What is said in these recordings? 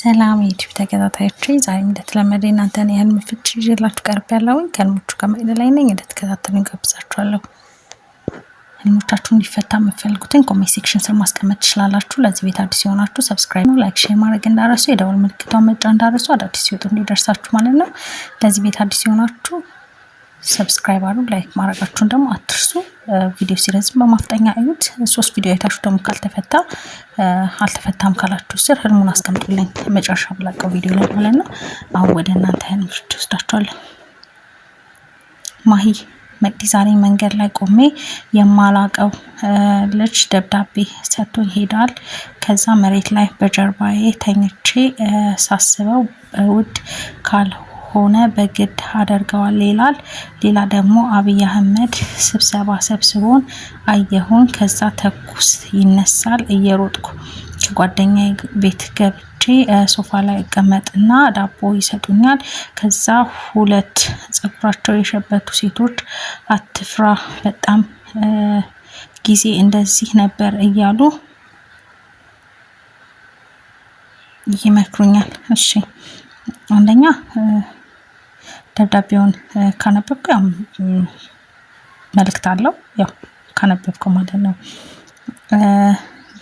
ሰላም የዩቲዩብ ተከታታዮች፣ ዛሬም እንደተለመደ እናንተን የህልም ፍቺ ይዤላችሁ ቀርብ ያለውኝ ከህልሞቹ ከመቅደ ላይ ነኝ። እንደተከታተሉ ጋብዛችኋለሁ። ህልሞቻችሁ እንዲፈታ የምትፈልጉትን ኮሜንት ሴክሽን ስር ማስቀመጥ ትችላላችሁ። ለዚህ ቤት አዲስ የሆናችሁ ሰብስክራይብ፣ ላይክ፣ ሼር ማድረግ እንዳረሱ የደውል ምልክቷን መጫ እንዳረሱ አዳዲስ ሲወጡ እንዲደርሳችሁ ማለት ነው። ለዚህ ቤት አዲስ የሆናችሁ ሰብስክራይብ አሉ፣ ላይክ ማድረጋችሁን ደግሞ አትርሱ። ቪዲዮ ሲረዝም በማፍጠኛ እዩት። ሶስት ቪዲዮ አይታችሁ ደግሞ ካልተፈታ አልተፈታም ካላችሁ ስር ህልሙን አስቀምጡልኝ መጨረሻ ብላቀው ቪዲዮ ላይ ማለት ነው። አሁን ወደ እናንተ ህልም ፍች ማሂ መቅዲ ዛሬ መንገድ ላይ ቆሜ የማላቀው ልጅ ደብዳቤ ሰጥቶ ይሄዳል። ከዛ መሬት ላይ በጀርባዬ ተኝቼ ሳስበው ውድ ካለው። ሆነ በግድ አደርገዋል ይላል። ሌላ ደግሞ አብይ አህመድ ስብሰባ ሰብስቦን አየሁን። ከዛ ተኩስ ይነሳል። እየሮጥኩ ከጓደኛ ቤት ገብቼ ሶፋ ላይ እቀመጥና ዳቦ ይሰጡኛል። ከዛ ሁለት ጸጉራቸው የሸበቱ ሴቶች አትፍራ፣ በጣም ጊዜ እንደዚህ ነበር እያሉ ይመክሩኛል። እሺ አንደኛ ደብዳቤውን ካነበብኩ ያው መልእክት አለው ያው ካነበብኩ ማለት ነው።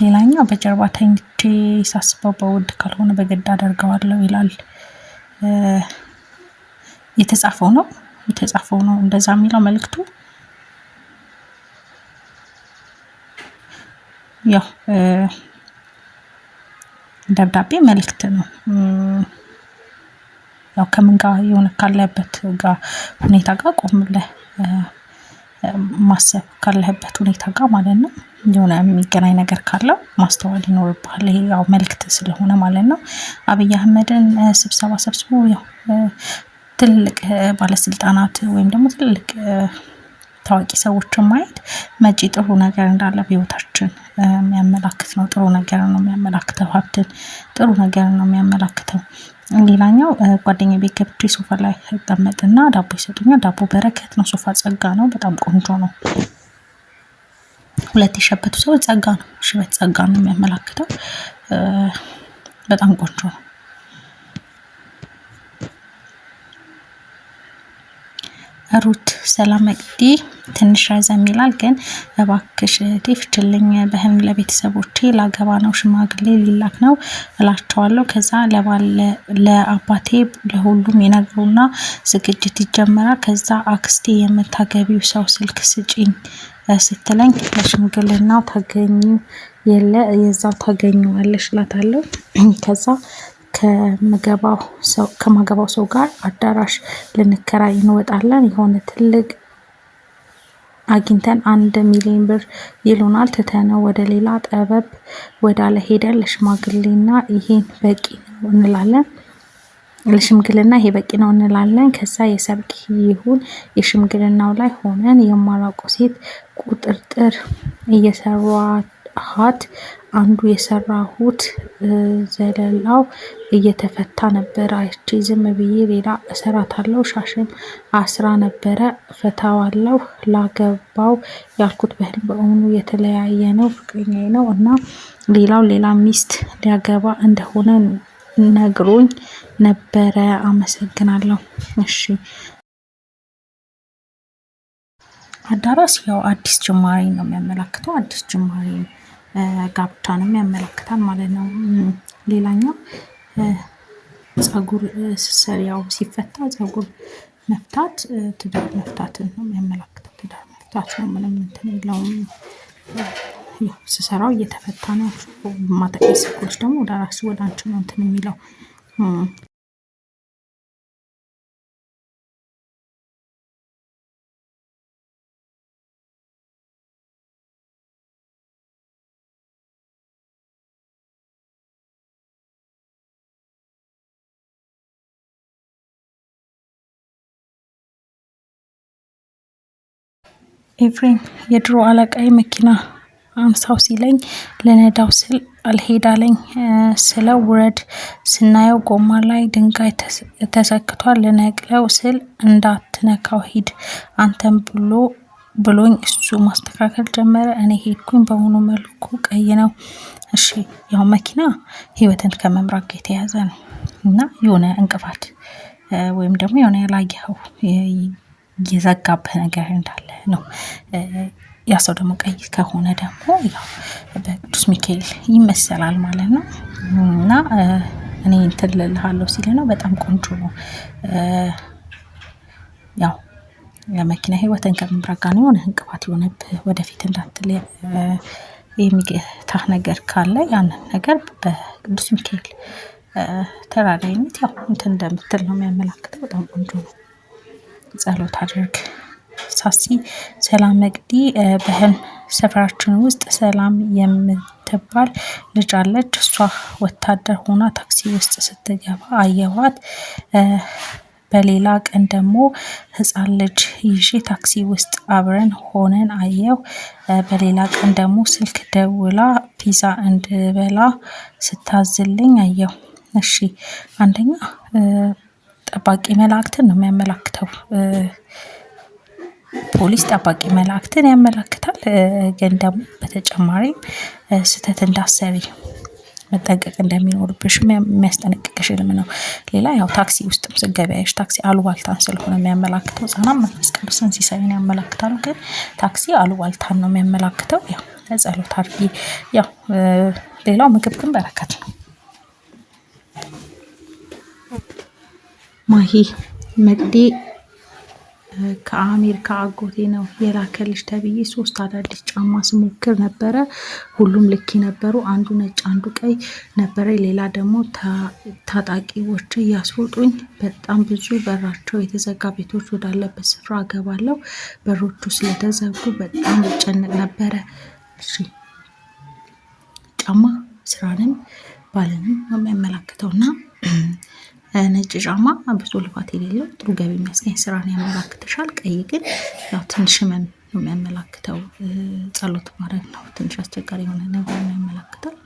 ሌላኛው በጀርባ ተኝቼ ሳስበው በውድ ካልሆነ በግድ አደርገዋለሁ ይላል። የተጻፈው ነው የተጻፈው ነው እንደዛ የሚለው መልእክቱ ያው ደብዳቤ መልእክት ነው። ያው ከምን ጋር የሆነ ካለህበት ጋር ሁኔታ ጋር ቆም ብለህ ማሰብ ካለህበት ሁኔታ ጋር ማለት ነው። የሆነ የሚገናኝ ነገር ካለው ማስተዋል ይኖርብሃል ይሄ ያው መልእክት ስለሆነ ማለት ነው። አብይ አህመድን ስብሰባ ሰብስቦ ያው ትልቅ ባለስልጣናት ወይም ደግሞ ትልቅ ታዋቂ ሰዎችን ማየት መጪ ጥሩ ነገር እንዳለ በህይወታችን የሚያመላክት ነው። ጥሩ ነገር ነው የሚያመላክተው። ሀብትን፣ ጥሩ ነገር ነው የሚያመላክተው። ሌላኛው ጓደኛ ቤት ገብቼ ሶፋ ላይ ቀመጥና ዳቦ ይሰጡኛል። ዳቦ በረከት ነው። ሶፋ ጸጋ ነው። በጣም ቆንጆ ነው። ሁለት የሸበቱ ሰዎች ጸጋ ነው። ሽበት ጸጋ ነው የሚያመላክተው። በጣም ቆንጆ ነው። ሩት ሰላም መቅዲ ትንሽ ረዘም ይላል፣ ግን እባክሽ እህቴ ፍችልኝ፣ በህልም ለቤተሰቦቼ ላገባ ነው፣ ሽማግሌ ሊላክ ነው እላቸዋለሁ። ከዛ ለባለ ለአባቴ ለሁሉም ይነግሩና ዝግጅት ይጀመራል። ከዛ አክስቴ የምታገቢው ሰው ስልክ ስጪኝ ስትለኝ ለሽምግልና ታገኙ የለ የዛው ታገኘዋለሽ እላታለሁ። ከዛ ሰው ከማገባው ሰው ጋር አዳራሽ ልንከራይ እንወጣለን። የሆነ ትልቅ አግኝተን አንድ ሚሊዮን ብር ይሉናል። ትተነው ወደ ሌላ ጠበብ ወዳለ ሄደን ለሽማግሌና ይሄን በቂ ነው እንላለን። ለሽምግልና ይሄ በቂ ነው እንላለን። ከዛ የሰርግ ይሁን የሽምግልናው ላይ ሆነን የማላውቀው ሴት ቁጥርጥር እየሰሯት በጸጸት አንዱ የሰራሁት ዘለላው እየተፈታ ነበረ። አይቼ ዝም ብዬ ሌላ እሰራታለሁ ሻሽም አስራ ነበረ ፈታዋለሁ። ላገባው ያልኩት በህል በእውኑ የተለያየ ነው ፍቅረኛዬ ነው እና ሌላው ሌላ ሚስት ሊያገባ እንደሆነ ነግሮኝ ነበረ። አመሰግናለሁ። እሺ አዳራስ ያው አዲስ ጅማሬ ነው የሚያመላክተው። አዲስ ጅማሬ ጋብቻንም ያመለክታል ማለት ነው። ሌላኛው ጸጉር ስር ያው ሲፈታ ጸጉር መፍታት ትዳር መፍታትን ነው የሚያመላክተው። ትዳር መፍታት ነው። ምንም እንትን የለውም። ስሰራው እየተፈታ ነው። ማጠቂ ስኮች ደግሞ ወደ ራስ ወደ አንቺ ነው እንትን የሚለው ኤፍሬም የድሮ አለቃይ መኪና አምሳው ሲለኝ ለነዳው ስል አልሄዳለኝ ስለው ውረድ ስናየው ጎማ ላይ ድንጋይ ተሰክቷል። ልነቅለው ስል እንዳትነካው ሂድ አንተን ብሎ ብሎኝ እሱ ማስተካከል ጀመረ። እኔ ሄድኩኝ። በሆኑ መልኩ ቀይ ነው። እሺ ያው መኪና ህይወትን ከመምራት ጋር የተያዘ ነው እና የሆነ እንቅፋት ወይም ደግሞ የሆነ ያላየኸው የዘጋብህ ነገር እንዳለ ነው። ያ ሰው ደግሞ ቀይ ከሆነ ደግሞ ያው በቅዱስ ሚካኤል ይመሰላል ማለት ነው እና እኔ እንትን እልልሃለሁ ሲል ነው። በጣም ቆንጆ ነው። ያው ለመኪና ህይወትን ከምምራት ጋር የሆነ እንቅፋት የሆነብህ ወደፊት እንዳትል የሚገታህ ነገር ካለ ያንን ነገር በቅዱስ ሚካኤል ተራዳይነት ያው እንትን እንደምትል ነው የሚያመላክተው። በጣም ቆንጆ ነው። ጸሎት አድርግ። ሳሲ ሰላም መቅዲ በህልም ሰፈራችን ውስጥ ሰላም የምትባል ልጅ አለች። እሷ ወታደር ሆና ታክሲ ውስጥ ስትገባ አየኋት። በሌላ ቀን ደግሞ ህፃን ልጅ ይዤ ታክሲ ውስጥ አብረን ሆነን አየሁ። በሌላ ቀን ደግሞ ስልክ ደውላ ፒዛ እንድበላ ስታዝልኝ አየሁ። እሺ አንደኛ ጠባቂ መላእክትን ነው የሚያመላክተው። ፖሊስ ጠባቂ መላእክትን ያመላክታል። ግን ደግሞ በተጨማሪም ስህተት እንዳሰሪ መጠንቀቅ እንደሚኖርብሽ የሚያስጠነቅቅሽ ህልም ነው። ሌላ ያው ታክሲ ውስጥም ስገቢያሽ ታክሲ አሉባልታን ስለሆነ የሚያመላክተው ሕፃናት መንፈስ ቅዱስን ሲሳይን ያመላክታሉ። ግን ታክሲ አሉባልታን ነው የሚያመላክተው። ያው ጸሎት አድርጊ። ያው ሌላው ምግብ ግን በረከት ነው። ማሂ መቅዲ ከአሜሪካ አጎቴ ነው የላከልሽ ተብዬ ሶስት አዳዲስ ጫማ ስሞክር ነበረ። ሁሉም ልክ ነበሩ። አንዱ ነጭ፣ አንዱ ቀይ ነበረ። ሌላ ደግሞ ታጣቂዎች እያስሮጡኝ በጣም ብዙ በራቸው የተዘጋ ቤቶች ወዳለበት ስፍራ አገባለሁ። በሮቹ ስለተዘጉ በጣም ይጨነቅ ነበረ። እሺ ጫማ ስራንም ባለንም ነው የሚያመላክተው እና ነጭ ጫማ ብዙ ልፋት የሌለው ጥሩ ገቢ የሚያስገኝ ስራን ያመላክትሻል። ቀይ ግን ያው ትንሽ ህመም ነው የሚያመላክተው። ጸሎት ማድረግ ነው ትንሽ አስቸጋሪ የሆነ ነገር ነው ያመላክታል።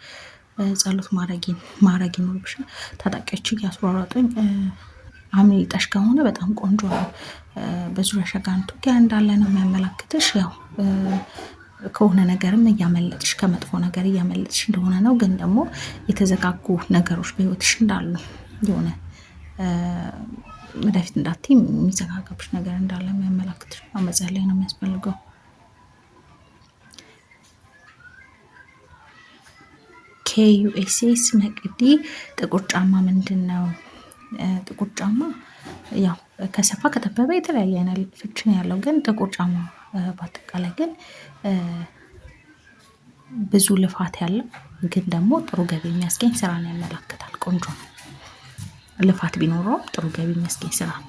ጸሎት ማድረግን ማድረግ ይኖርብሻል። ታጣቂዎች ያስሯሯጡኝ አምልጠሽ ከሆነ በጣም ቆንጆ ነው። በዙሪያ ሸጋንቱ እንዳለ ነው የሚያመላክትሽ። ያው ከሆነ ነገርም እያመለጥሽ ከመጥፎ ነገር እያመለጥሽ እንደሆነ ነው። ግን ደግሞ የተዘጋጉ ነገሮች በህይወትሽ እንዳሉ የሆነ ወደፊት እንዳት የሚዘጋገብሽ ነገር እንዳለ የሚያመላክትሽ መጸለይ ነው የሚያስፈልገው። ኬዩኤስኤስ መቅዲ ጥቁር ጫማ ምንድን ነው? ጥቁር ጫማ ያው ከሰፋ ከተበበ የተለያየ አይነት ፍቺ ነው ያለው። ግን ጥቁር ጫማ በአጠቃላይ ግን ብዙ ልፋት ያለው ግን ደግሞ ጥሩ ገቢ የሚያስገኝ ስራን ያመላክታል። ቆንጆ ነው። ልፋት ቢኖረው ጥሩ ገቢ የሚያስገኝ ስራ ነው።